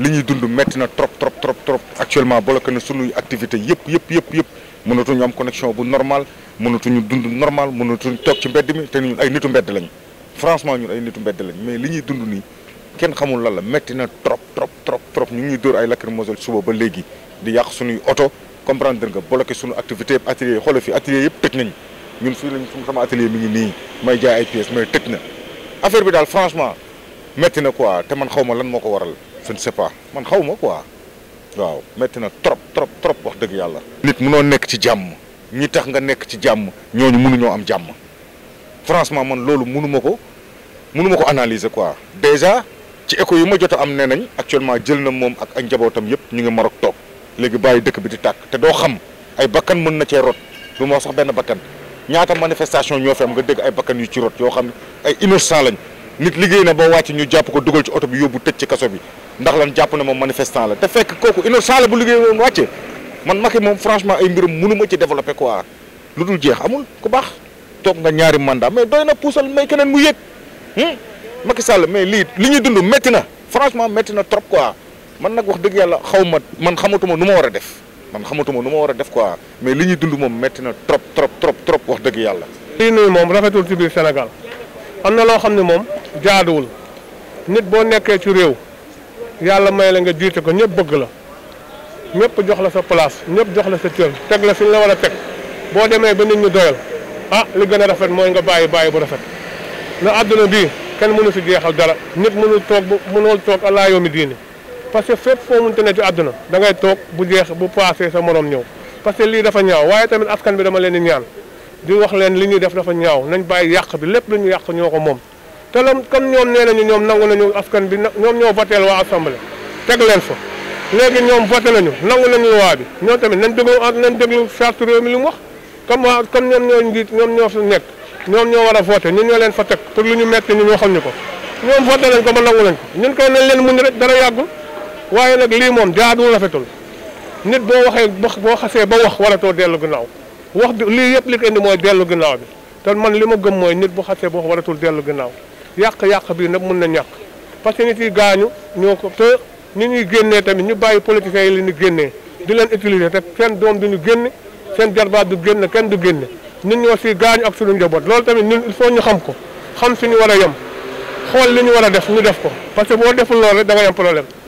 li ñuy dund métti na trop trop trop trop actuellement bloqué na sunuy activité yëpp yëpp yëpp yëpp mënatuñu am connexion bu normal mënatuñu dund normal mënatuñu toog ci mbedd mi te ñun ay nitu mbedd lañ franchement ñun ay nitu mbedd lañ mais li ñuy dund nii kenn xamul lan la métti na trop trop trop trop ñu ngi ñuy dóor ay lacrymogène suba ba léegi di yàq sunuy oto comprendre nga bloqué sunu activité yëpp atelier xoolal fi atelier yëpp tëj nañ ñun fii lañ sama atelier mi ngi nii may jaay ay pièces mais tëj na affaire bi daal franchement métti na quoi te man xaw ma lan moo ko waral je ne sais pas man xaw ma quoi waaw métti na trop trop trop wax dëgg yàlla. nit munoo nekk ci jàmm ñi tax nga nekk ci jàmm ñooñu mënuñoo am jàmm franchement man loolu mënu ko mënu ko analyser quoi déjà ci écho yi ma jot a am nee nañ actuellement jël na moom ak ay njabootam yëpp ñu ngi Maroc toog léegi bàyyi dëkk bi di tàkk te doo xam ay bakkan mën na cee rot du ma sax benn bakkan ñaata manifestation ñoo fi am nga dégg ay bakkan yu ci rot yoo xam ne ay innocent lañ nit liggéey na boo wàcc ñu jàpp ko dugal ci oto bi yóbbu tëj ci kaso bi ndax lan jàpp na moom manifestant la te fekk kooku innocent la bu liggéey woon wàcce man Macky moom franchement ay mbirum mënu ma ci développé quoi lu dul jeex amul ku baax toog nga ñaari mandat mais doy na puusal may keneen mu yëg hmm? Macky Sall mais lii li ñuy dund métti na franchement métti na trop quoi man nag wax dëgg yàlla xaw ma man xamatuma nu ma war a def man xamatuma nu ma war a def quoi mais li ñuy dund moom métti na trop trop trop trop wax dëgg yàlla. lii nii moom rafetul ci biir Sénégal. am na loo xam ne moom jaaduwul nit boo nekkee ci réew yàlla may la nga jiite ko ñëpp bëgg la ñëpp jox la sa place ñëpp jox la sa cër teg la fi la war a teg boo demee ba nit ñu doyal ah li gën a rafet mooy nga bàyyi bàyyi bu rafet na àdduna bii kenn mënu fi jeexal dara nit mënul toog bu mënul toog alaa yoomi diini parce que fépp foo mënte ne ci àdduna dangay toog bu jeex bu paasee sa morom ñëw parce que lii dafa ñaaw waaye tamit askan bi dama leen di ñaan di wax leen li ñuy def dafa ñaaw nañ bàyyi yàq bi lépp lu ñu yàq ñoo ko moom te lam comme ñoom nee nañu ñoom nangu nañu askan bi ñoom ñoo voteel waa assemblée teg leen fa léegi ñoom voté nañu nangu nañu loi bi ñoom tamit nañ déglu nañ déglu charte réew mi li mu wax comme waa comme ñoom ñoo njiit ñoom ñoo fi nekk ñoom ñoo war a voté ñun ñoo leen fa teg pour lu ñu metti ñu ñoo xam ñu ko ñoom voté nañ ko ba nangu nañ ko ñun koy nañ leen muñ rek dara yàggul waaye nag lii moom jaaduwul rafetul nit boo waxee boo xasee ba wax waratoo dellu gannaaw wax bi lii yëpp li ko indi mooy dellu ginnaaw bi te man li ma gëm mooy nit bu xasee bu wax waratul dellu ginnaaw yàq-yàq bii nag mun na ñàkk parce que nit yi gaañu ñoo ko te ñi ñuy génnee tamit ñu bàyyi politiciens yi li ñu génnee di leen utiliser te seen doom du ñu génn seen jarbaat du génne kenn du génne ñun ñoo si gaañu ak suñu njaboot loolu tamit ñun il ñu xam ko xam ñu war a yem xool li ñu war a def ñu def ko parce que boo deful loolu rek da ngay am problème